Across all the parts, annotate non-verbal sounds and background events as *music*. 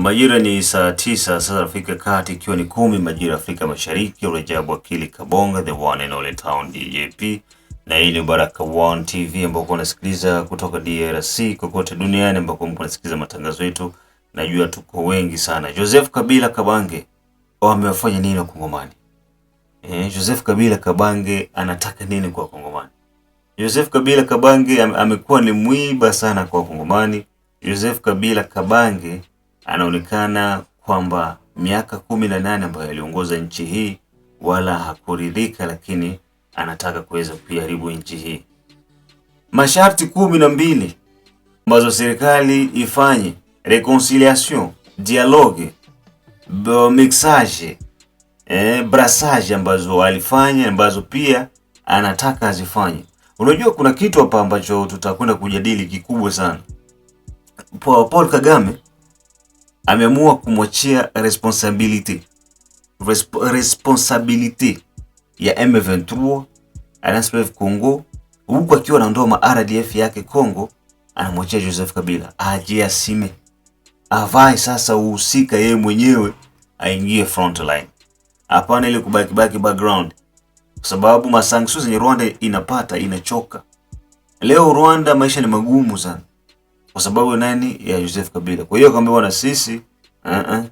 Majira ni saa tisa sasa Afrika Kati, ikiwa ni kumi majira Afrika Mashariki. Urejabu Akili Kabonga, the one and only town DJP, na hii ni Baraka One TV ambako unasikiliza kutoka DRC kokote duniani ambako unasikiliza matangazo yetu. Najua tuko wengi sana. Joseph Kabila Kabange wamewafanya oh, nini Wakongomani? Eh, Joseph Kabila Kabange anataka nini kwa Wakongomani? Joseph Kabila Kabange amekuwa ni mwiba sana kwa Wakongomani. Joseph Kabila Kabange anaonekana kwamba miaka kumi na nane ambayo aliongoza nchi hii wala hakuridhika, lakini anataka kuweza kuiharibu nchi hii. Masharti kumi na mbili ambazo serikali ifanye reconciliation, dialogue, mixage, eh, brassage ambazo alifanya ambazo pia anataka azifanye. Unajua kuna kitu hapa ambacho tutakwenda kujadili kikubwa sana. Paul Kagame ameamua kumwachia responsibility Resp responsibility ya M23 RSF Congo, huku akiwa ndoa ma RDF yake Congo, anamwachia Joseph Kabila asime avae sasa uhusika yeye mwenyewe, aingie line, hapana ile kubakibaki background, kwa sababu masanction zenye Rwanda inapata inachoka. Leo Rwanda maisha ni magumu sana kwa sababu nani ya Joseph Kabila. Kwa hiyo akamwambia bwana, sisi uh -uh,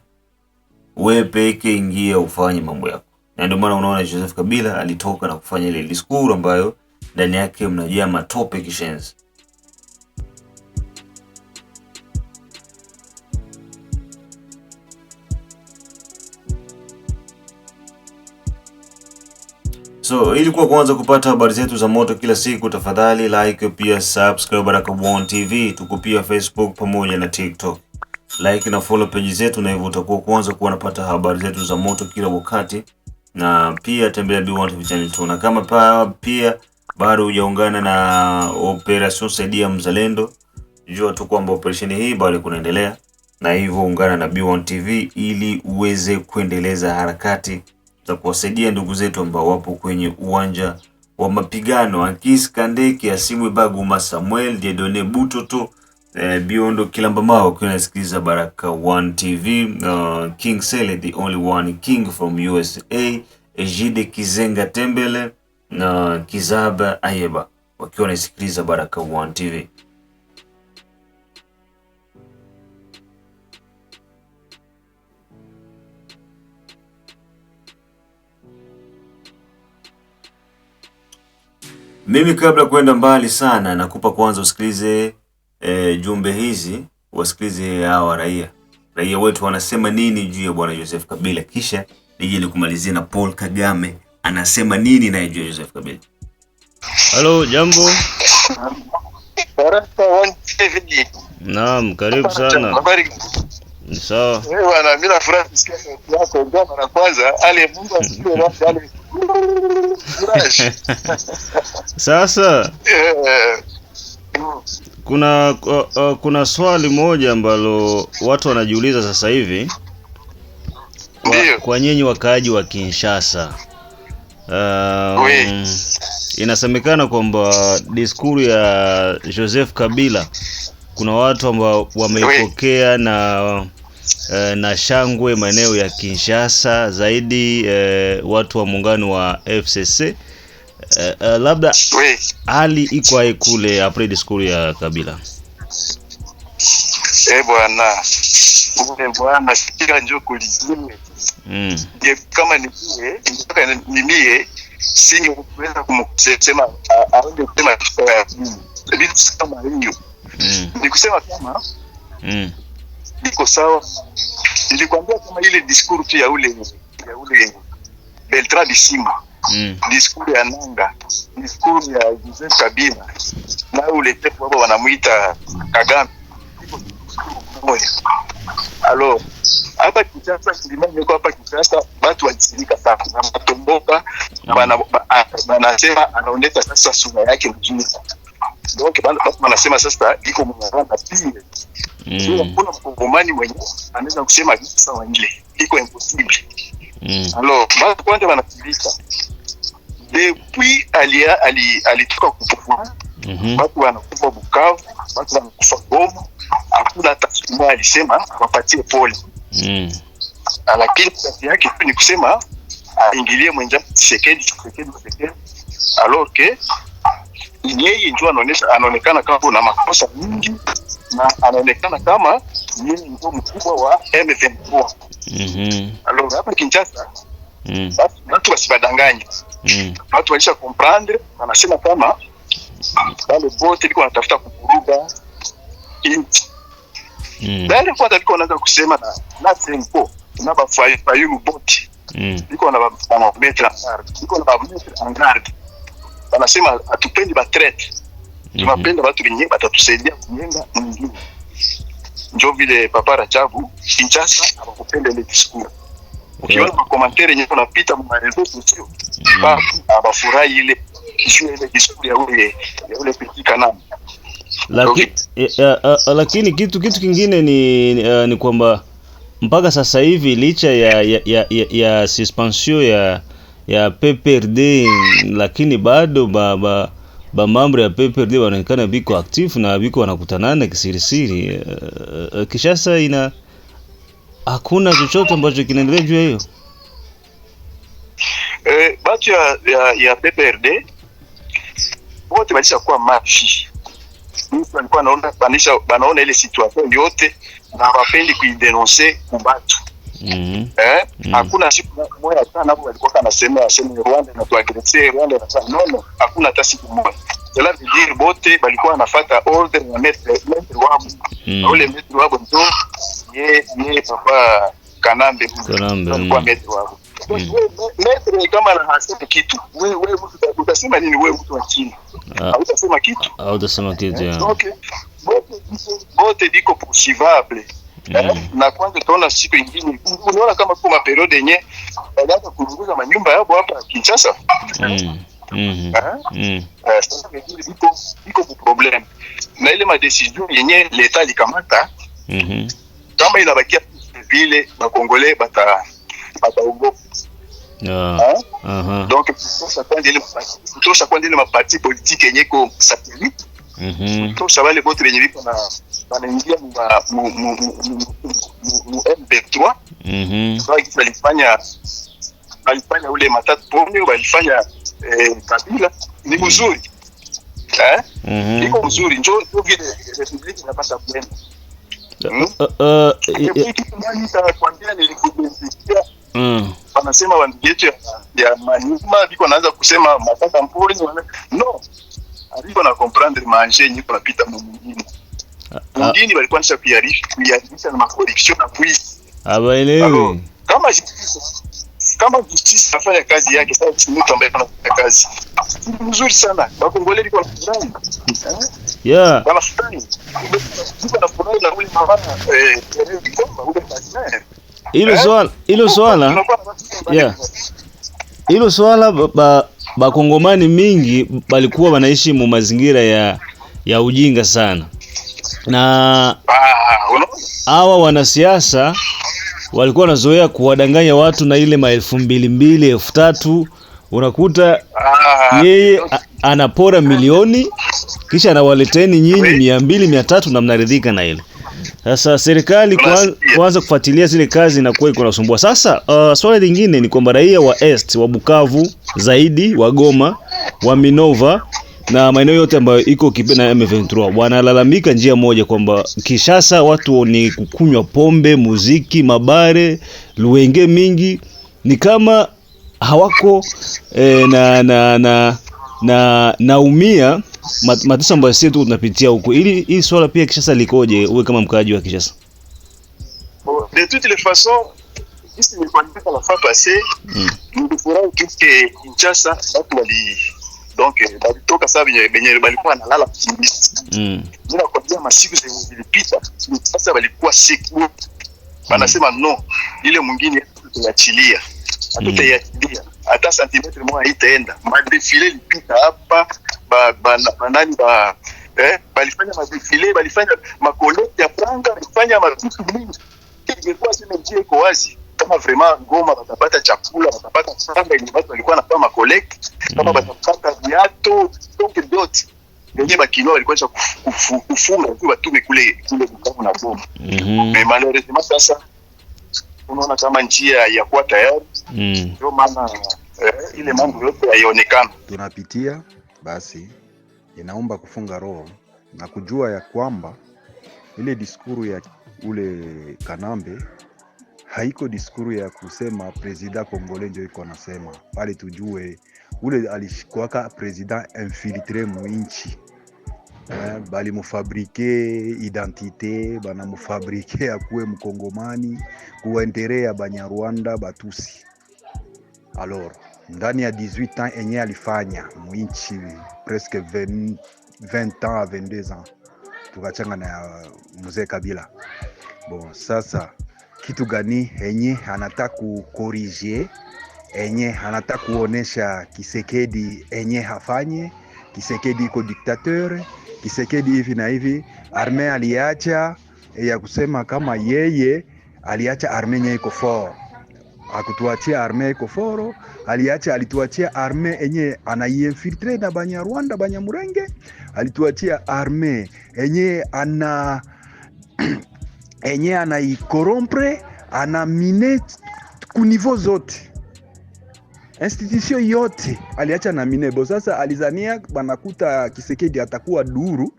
wewe peke ingia ufanye mambo yako, na ndio maana unaona Joseph Kabila alitoka na kufanya ile discourse ambayo ndani yake mnajaa matope kishenzi. So ili kwa kwanza kupata habari zetu za moto kila siku, tafadhali like pia subscribe Baraka One TV. Tuko pia Facebook pamoja na TikTok. Like na follow page zetu, na hivyo utakuwa kwanza kuwa unapata habari zetu za moto kila wakati, na pia tembelea B1 TV channel tu, na kama pa, pia bado hujaungana na operation saidia mzalendo, jua tu kwamba operation hii bado kunaendelea, na hivyo ungana na B1 TV ili uweze kuendeleza harakati za kuwasaidia ndugu zetu ambao wapo kwenye uwanja wa mapigano Akis Kandeke, Asimwe Baguma, Samuel Diedone Butoto, eh, Biondo Kilamba Mao akiwa Baraka One TV, uh, King Sele the only one king from USA, Ejide Kizenga Tembele na uh, Kizaba Ayeba wakiwa wanasikiliza Baraka One TV. Mimi kabla kwenda mbali sana, nakupa kwanza usikilize e, jumbe hizi, wasikilize hawa raia raia wetu wanasema nini juu ya bwana Joseph Kabila, kisha nije nikumalizie na Paul Kagame anasema nini naye juu ya Joseph Kabila. Halo, jambo. Naam, karibu sana. Habari? Sawa. Mimi bwana, mimi nafurahi kusikia sauti yako. Ndio mara kwanza, ale Mungu asifiwe, *laughs* ale *laughs* Sasa Kuna uh, uh, kuna swali moja ambalo watu wanajiuliza sasa hivi kwa, kwa nyinyi wakaaji wa Kinshasa. Um, inasemekana kwamba diskuru ya Joseph Kabila kuna watu ambao wameipokea na e, na shangwe maeneo ya Kinshasa zaidi e, watu wa muungano wa FCC e, eh, e, labda hali iko hai kule après discours ya Kabila. Eh, bwana ule bwana kila njoo kulizime mm. Kama ni mie ni mie kuweza kumsema aende kusema vitu kama hiyo, mm. ni kusema kama mm iko sawa. Nilikwambia kama ile diskuru tu ya ule ya ule Beltrand Bisimba mm. diskuru ya Nanga, diskuru ya Joseph Kabila na ule tepo wao wanamuita Kagame Alo, hapa Kinshasa, kilimani yuko hapa Kinshasa, batu wajisirika sana na matomboka, wanasema mm. anaoneta sasa suma yake mjini hicho kibanda, basi wanasema sasa iko mnaranda pia. Mm. Sio kuna mkongomani mwenye anaweza kusema kitu sawa ile, iko impossible. Mm. Alors, kwanza wanafundisha depuis alia ali alitoka kupofua mm Bukavu, watu wanakufa Goma, hakuna hata alisema wapatie pole. Mm. Ah, lakini kazi yake tu ni kusema aingilie mwenzake Tshisekedi, Tshisekedi, Tshisekedi alors que yeye ndio anaonesha, anaonekana kama kuna makosa mingi na anaonekana kama yeye ndio mkubwa wa M23. Mhm. Alors hapa Kinshasa Mhm. Basi watu wasibadanganye Mhm. Watu waisha comprendre, wanasema kama wale bote liko anatafuta kuvuruga inchi Mhm. Dale kwa taliko anaanza kusema na na tempo na ba bote Mhm. Liko na ba metre en garde na ba metre en garde Wanasema hatupendi batret, tunapenda mhm. watu wenye batatusaidia kujenga mwingine. Njo vile Papa rachavu Kinshasa abakupenda ile diskuru. Ukiona makomantere eh. yenyewe unapita mmarezo sosio, mhm. basi abafurahi ile juu ile diskuru ya ule ya ule pitika nani lakini lakini kitu kitu kingine ni ni, eh, ni kwamba mpaka sasa hivi licha ya ya ya, ya, ya suspension ya ya PPRD, lakini bado ba, ba, ba mambo ya PPRD wanaonekana biko active na biko wanakutanana kisirisiri. Uh, Kishasa ina hakuna chochote ambacho kinaendelea juu hiyo eh, batu ya, ya, ya PPRD wote walisha kuwa mafi mtu alikuwa anaona banisha banaona ile situation yote na wapendi kuidenonse kubatu Mm -hmm. Eh? Mm hakuna -hmm. siku moja sana hapo alikuwa anasema aseme Rwanda inatuagresse Rwanda inasema no no, hakuna hata siku moja. Cela veut dire bote balikuwa anafuata order na maître maître wabo. Mm. Mm-hmm. Ule maître wabo ndo ye ye papa Kanambe. Kanambe. Alikuwa mm-hmm. maître wabo. Maître kama ana hasema kitu, wewe wewe utasema nini wewe mtu wa chini? Ah. Hautasema kitu. Hautasema kitu. Okay. Bote diko poursuivable. Eh, mm. na kwanza utaona siku ingine, unaona kama kuma periode yenye walianza kuunguza manyumba yao hapa Kinshasa mm. Mm-hmm. Ah, mm -hmm. Sasa iko iko problem na ile madecision yenye leta likamata mm-hmm. kama inabakia vile bakongole bata bataogopa ah. Ah. Uh-huh. donc kutosha kwanza ile maparti politique yenye ko satellite kutosha wale boti wenye viko na wanaingia mu M23 walifanya walifanya ule matatu pombe walifanya kabila ni mzuri iko mzuri, njo vile republiki inapata kwenda wanasema wandugu yetu ya Maniema viko naanza kusema matata mpori no haliko na comprendre manje yenye kunapita mumujini mujini, ah, ah. walikuwa nisha kuiharibisha na makoruption na kuizi abaelewi kama kama justice nafanya kazi yake. Sasa mtu ambaye anafanya kazi mzuri sana, Bakongole liko na fulani yeah, bana fulani liko na fulani na ule mabana eh, ule partner eh. hilo eh? swala hilo swala yeah hilo swala ba bakongomani mingi balikuwa wanaishi mu mazingira ya, ya ujinga sana, na hawa wanasiasa walikuwa wanazoea kuwadanganya watu na ile maelfu mbili mbili elfu tatu unakuta yeye anapora milioni kisha anawaleteni nyinyi mia mbili mia tatu na mnaridhika na ile sasa serikali kuanza kufuatilia zile kazi inakuwa iko nasumbua. Sasa uh, swala lingine ni kwamba raia wa Est wa Bukavu zaidi wa Goma wa Minova na maeneo yote ambayo iko na M23 wanalalamika njia moja kwamba Kishasa watu ni kukunywa pombe, muziki, mabare, luenge mingi, ni kama hawako eh, na na na naumia mateso ambayo sisi tu tunapitia huko, ili hii swala pia Kishasa likoje? Uwe kama mkaaji wa Kishasa. De toute les façons, sisi ni kwa la fois passé, passée, hmm. nilifurahi kile Kinshasa watu wali donc walitoka sababu yenye walikuwa wanalala kimbizi. Mm. Bila kuanzia masiku zilizopita, sasa walikuwa sick. Wanasema no, ile mwingine tunaachilia. Hatutaiachilia. Hmm. Hata santimetri moja haitaenda. Madefile lipita hapa ba, ba, ba, nani ba eh, balifanya madefile balifanya makolekte ya franga balifanya mavitu mingi, ingekuwa sema njia iko wazi kama vraiment Goma batapata chakula batapata franga yenye watu walikuwa nafaa makolekte kama mm. batapata viato donke dote yenye bakino walikuwa kufunga kwa batume kule kule Bukavu na Goma. Mhm. Mais malheureusement sasa unaona kama njia ya kuwa tayari mm. ndio maana eh, ile mambo yote haionekana tunapitia basi inaomba kufunga roho na kujua ya kwamba ile diskuru ya ule Kanambe haiko diskuru ya kusema presida Kongole njo iko anasema pale. Tujue ule alishikwaka presida infiltre muinchi eh, balimufabrike identite banamufabrike akuwe mkongomani kuwa intere ya Banyarwanda Batusi alor ndani ya 18 ans enye alifanya mwinchi presque 20, 20 ans a 22 ans tukachanga na euh, mzee Kabila. Bon, sasa kitu gani enye anataka kukorije, enye anataka kuonesha Kisekedi enye hafanye? Kisekedi iko diktateur, Kisekedi hivi na hivi. Arme aliacha ya kusema kama yeye aliacha arme iko fort akutuachia arme ekoforo aliacha alituachia arme enye anaiinfiltre na Banyarwanda Banyamurenge, alituachia arme enye ana *clears throat* enye anaikorompre ana mine kunivo zote institution yote aliacha na minebo. Sasa alizania banakuta Kisekedi atakuwa duru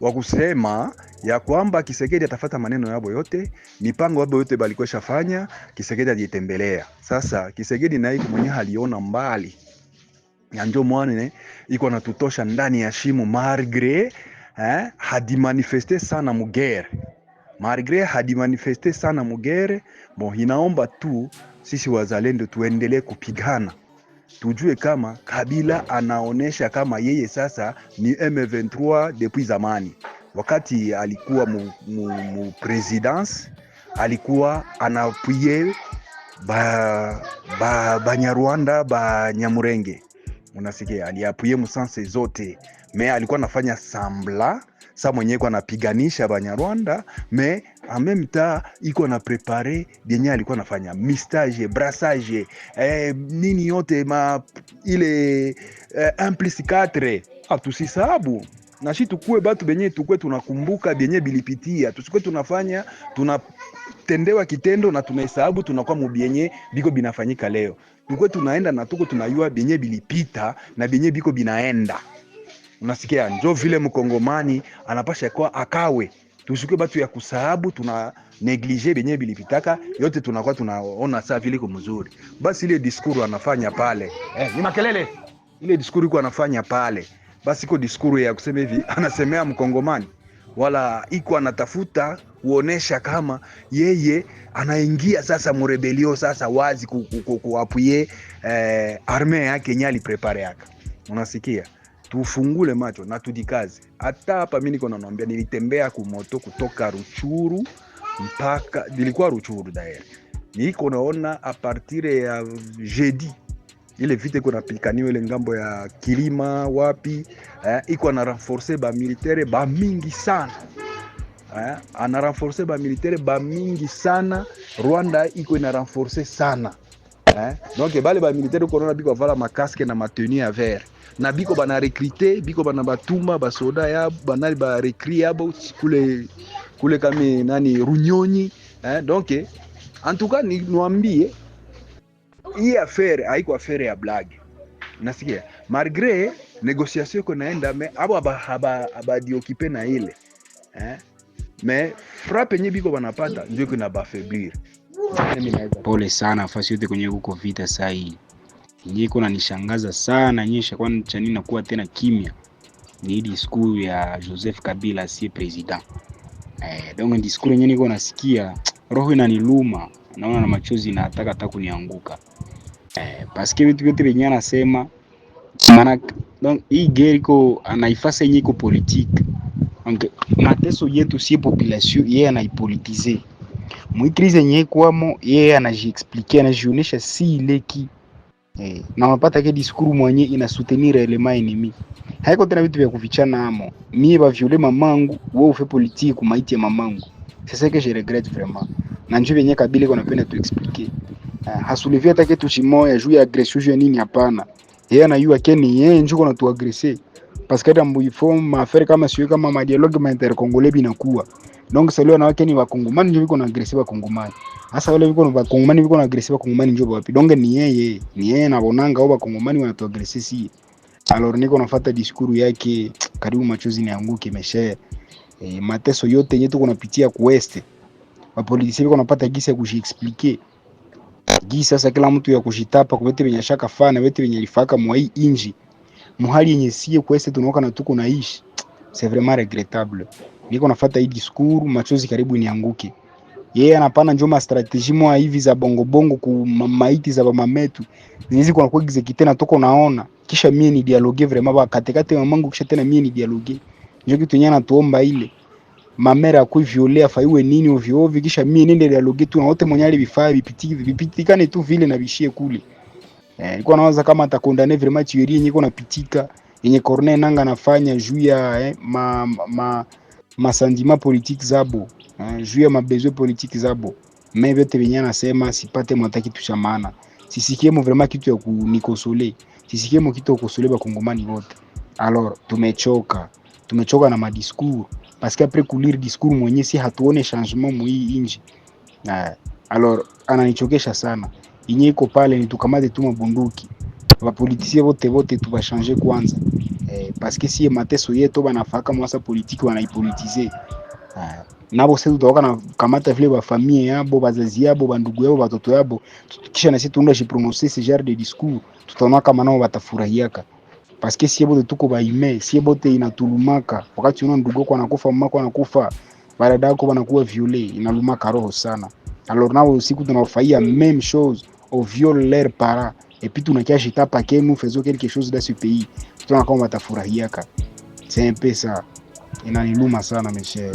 wa kusema ya kwamba Kisekedi atafata maneno yabo yote, mipango yabo yote balikuwa shafanya, Kisekedi ajitembelea. Sasa Kisekedi naye mwenye haliona mbali ya njo mwane iko natutosha ndani ya shimo margre eh, manifeste sana mugere margre hadi manifeste sana mugere. Bon, inaomba tu sisi wazalendo tuendelee kupigana tujue kama Kabila anaonesha kama yeye sasa ni M23 depuis zamani wakati alikuwa mupresidence mu, mu alikuwa anapuye ba, ba, Banyarwanda Banyamurenge, unasikia aliapuye musanse zote me alikuwa anafanya sambla sa mwenyewe iko anapiganisha Banyarwanda me amemta iko na prepare denye alikuwa anafanya mistage brassage eh, nini yote ma ile eh, atusisabu atusisaabu nashi tukue batu benye tukue tunakumbuka benye bilipitia, tusikue tunafanya tunatendewa kitendo na tunahesabu tunakuwa mubyenye biko binafanyika leo. Tukue tunaenda na tuko tunayua benye bilipita na benye biko binaenda. Unasikia, njo vile mkongomani anapasha kwa akawe tusikue batu ya kusahabu, tuna neglige benye bilipitaka yote, tunakuwa tunaona saa vile kumzuri. Basi ile diskuru anafanya pale eh, ni makelele ile diskuru iko anafanya pale basi iko diskuru ya kusema hivi, anasemea mkongomani wala iko anatafuta kuonesha kama yeye anaingia sasa murebelio sasa wazi kuapuye eh, arme yake nyali prepare yake. Unasikia, tufungule macho na tudikazi Hata hapa mimi niko naambia, nilitembea kumoto kutoka Ruchuru mpaka nilikuwa Ruchuru daer, niko naona a partir ya jeudi ile vita iko napikaniwa ile ngambo ya kilima wapi eh, iko na renforcer ba militaire ba mingi sana eh, ana renforcer ba militaire ba mingi sana Rwanda iko ina renforcer sana eh, donc bale ba militaire ko na biko vala makaske na matenu ya vert na biko bana recruter biko bana batuma basoda ya banali ba recruter yabo kule kule kama nani Runyonyi eh, donc en tout cas niwaambie hii afere haiko afere ya blag nasikia malgre negosiasio iko naenda me abo abadiokipe aba, na ile eh? me frappe nye biko wanapata njo iko nabafeblir pole sana fasi yote kwenye kuko vita sahii nyi iko nanishangaza sana nyesha kwani chani nakuwa tena kimya ni diskuru ya Joseph Kabila asiye president eh, donc diskuru yenyewe niko nasikia roho inaniluma naona na machozi na nataka hata kunianguka eh, paske vitu vyote vyenyewe anasema maana donc hii ko anaifasa yenyewe iko politique donc mateso yetu si population yeye anaipolitize crise yenyewe kwamo yeye anajiexplique anajionyesha si ileki eh, na unapata ke discours mwenye ina soutenir element enemi haiko tena vitu vya kuvichana amo mie ba baviole mamangu wewe ufe politique maiti ya mamangu C'est ce que je regrette vraiment. Nanjua yenyewe Kabila iko napenda tu expliquer. Uh, hasulivia hata kitu chimoya juu ya agression ya nini hapana. Yeye anayua keni yeye njoo na tu agresser. Parce que hata ma maafere kama sio kama ma dialogue ma inter congolais binakuwa. Donc salio na wake ni wakongomani njoo biko na agresser wakongomani. Hasa ah, wale biko na wakongomani biko na agresser wakongomani njoo wapi? Donc ni yeye, ni yeye na bonanga au wakongomani wanatu agresser si. Alors niko nafuata diskuru yake karibu machozi nianguke meshe e, mateso yote yenye tuko napitia kuweste, wapolitisia biko napata gisi ya kujiexplique gisi sasa, kila mtu ya kushitapa vitu benye shaka fana vitu benye lifaka mwa hii inji muhali yenye sie kuweste tunaoka na tuko naishi, c'est vraiment regrettable. Niko nafuata hii diskuru, machozi karibu nianguke. Yeye anapana njoma strategy mwa hivi za bongo bongo ku maiti za mama metu. Nizi kuna kwa execute na toko naona. Kisha mimi ni dialogue vraiment ba katikati mamangu kisha tena mimi ni dialogue njo kitu yenyewe anatuomba ile mamera ya kuiviolea faiwe nini ovyo ovyo, kisha mie nende dialogue tu na wote mwenye alivifaa vipitike vipitikane tu vile na vishie kule. Eh, nilikuwa nawaza kama atakondane vraiment tuerie yenyewe kuna pitika yenye Corneille nanga anafanya juu ya eh, ma ma masandima politique zabo eh, juu ya mabezo politique zabo mimi vyote venye anasema sipate mwata kitu cha maana, sisikiemo vraiment kitu ya kunikosole, sisikiemo kitu ya kukosole ba kongomani wote. Alors tumechoka tumechoka na madiskur parce apres kulir discours mwenye si hatuone changement mwii inji na alors, ananichokesha sana inye iko pale ni tukamate tu mabunduki vapolitisie vote vote tuvashange kwanza eh, paske siye mateso yetu banafaka mwasa politiki wanaipolitize ah, nabo se tutaoka na kamata vile bafamie yabo bazazi yabo bandugu yabo batoto yabo, kisha nasi tuunda jiprononse ce genre de discours, tutaona kama nao batafurahiaka paske sie bote tuko baime, sie bote inatulumaka. Wakati unaona ndugu yako anakufa, mama anakufa, baada yako banakuwa viole, inalumaka roho sana. Alors nao usiku tunafaia mm. même chose au viol leur para et puis tunakia shita pake nous faisons quelque chose dans ce pays, tuna kama watafurahiaka. C'est un peu ça, inaniluma sana meshe.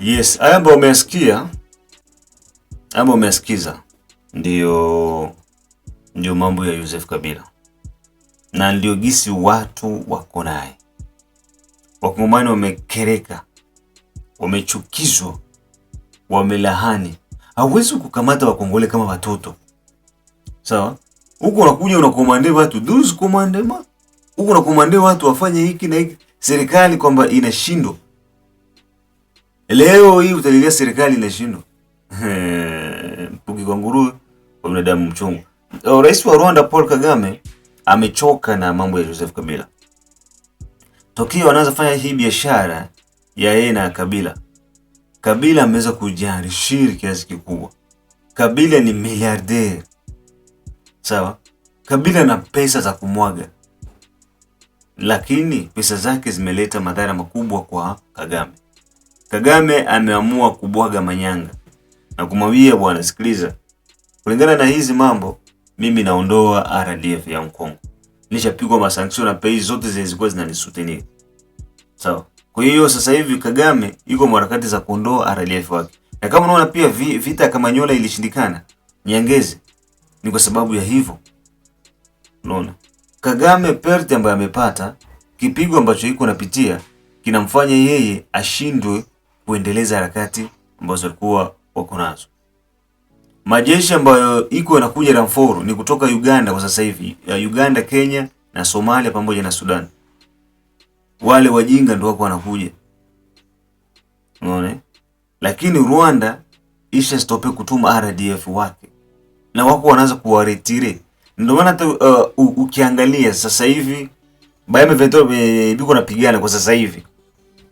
Yes, haya umesikia, haya umesikiza ndio ndio mambo ya Joseph Kabila na ndio gisi watu wako naye. Wakongomani wamekereka, wamechukizwa, wamelahani. Hauwezi kukamata wakongole kama watoto sawa. Huko unakuja unakomande watu duzi komande ma huko unakomande watu wafanye hiki na hiki, serikali kwamba inashindwa. Leo hii utalilia serikali inashindwa *laughs* mpuki kwa nguruwe, kwa binadamu mchongo Oh, rais wa Rwanda Paul Kagame amechoka na mambo ya Joseph Kabila. Tokio anaanza fanya hii biashara ya yeye na Kabila, Kabila ameweza kujarishiri kiasi kikubwa. Kabila ni miliarder sawa. Kabila na pesa za kumwaga, lakini pesa zake zimeleta madhara makubwa kwa Kagame. Kagame ameamua kubwaga manyanga na kumwambia bwana, sikiliza, kulingana na hizi mambo mimi naondoa RDF ya Hong Kong, Nishapigwa masanction na pei zote zilikuwa zinanisutenir. Sawa. So, kwa hiyo sasa hivi Kagame yuko mharakati za kuondoa RDF wake. Na kama unaona pia vita ya Kamanyola ilishindikana, Nyangezi ni kwa sababu ya hivyo. Unaona? Kagame perte ambayo amepata, kipigo ambacho yuko napitia kinamfanya yeye ashindwe kuendeleza harakati ambazo alikuwa wako nazo. Majeshi ambayo iko yanakuja na mforo ni kutoka Uganda kwa sasa hivi, Uganda, Kenya na Somalia pamoja na Sudan. Wale wajinga ndio wako wanakuja, unaona. Lakini Rwanda isha stope kutuma RDF wake na wako wanaanza kuwaretire. Ndio maana hata uh, ukiangalia sasa hivi Bame biko napigana kwa sasa hivi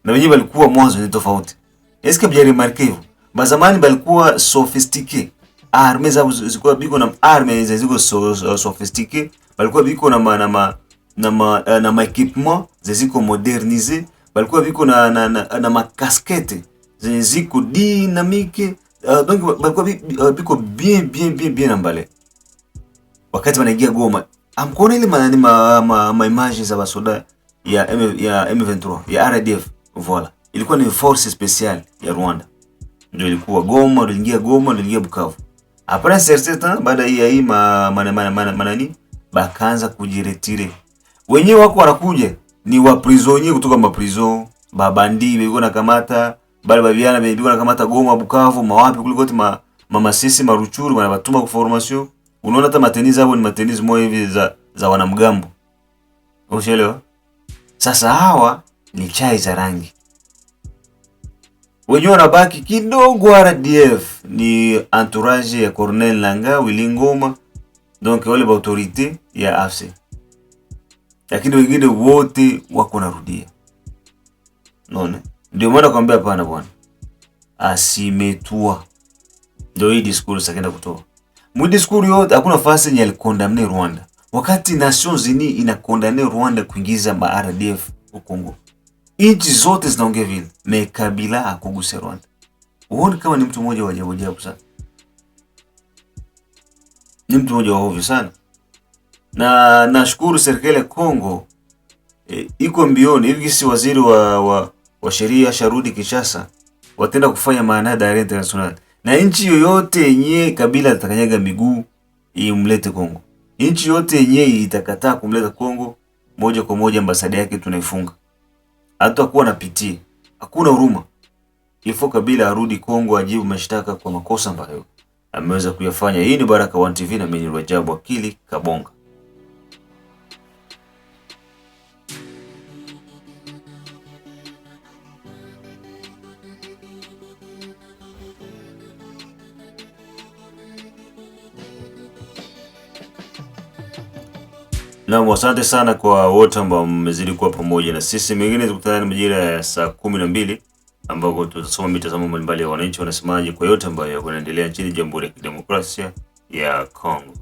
na wenyewe walikuwa mwanzo ni tofauti. Eske bjari markevu ba zamani balikuwa sophisticated arme zabo zikuwa biko na arme ziko so, so, sophistiqué balikuwa biko na ma, na ma, na ma, eh, na ma equipement ziko modernisé balikuwa biko na na, na, na ma casquette zenye ziko dynamique uh, donc balikuwa euh, biko bien bien bien bien ambale wakati wanaingia Goma amkuona ah, ile ma, ma, ma, ma image za basoda ya M, ya M23 ya RDF voilà ilikuwa ni force special ya Rwanda ndio ilikuwa Goma, ndio ingia Goma, ndio ingia Bukavu. Après certain temps baada ya hii ma mana mana mana, mana ni bakaanza kujiretire. Wenyewe wako wanakuja ni wa prisonnier kutoka ma prison babandi biko na kamata, bale babiana biko na kamata Goma, Bukavu, mawapi kuliko ma mama sisi maruchuru wana batuma ku formation. Unaona hata matenizi hapo ni matenizi moyo hivi za za wanamgambo. Unaelewa? Sasa hawa ni chai za rangi wenyewe wanabaki kidogo RDF ni entourage ya Cornel Nanga Willy Ngoma, donc wale bautorite ya AFC, lakini wengine wote wako narudia. Unaona, ndio maana kwambia hapana, bwana asimetua. Ndio hii diskuru akaenda kutoa mu diskuru yote, hakuna fasi yenye alikondamne Rwanda, wakati Nations Unies inakondamne Rwanda kuingiza ma RDF Kongo nchi zote zinaongea vile, me Kabila hakugusa Rwanda. Uone kama ni mtu mmoja wa ajabu ajabu sana? Ni mtu mmoja wa ovyo sana, na nashukuru serikali ya Kongo e, iko mbioni hivi, si waziri wa, wa, wa sheria Sharudi Kishasa watenda kufanya maana ya daire international na nchi yoyote yenye Kabila atakanyaga miguu imlete Kongo, nchi yoyote yenye itakataa kumleta Kongo moja kwa moja ambasada yake tunaifunga hatakuwa na pt hakuna huruma. Ifo Kabila arudi Kongo ajibu mashtaka kwa makosa ambayo ameweza kuyafanya. Hii ni Baraka1 TV na mimi ni Rajabu Akili Kabonga. Na asante sana kwa wote ambao mmezidi kuwa pamoja na sisi. Mengine tukutane majira ya saa kumi na mbili ambako tutasoma mitazamo mbalimbali ya wananchi wanasemaje kwa yote ambayo yanaendelea nchini Jamhuri ya Kidemokrasia ya Kongo.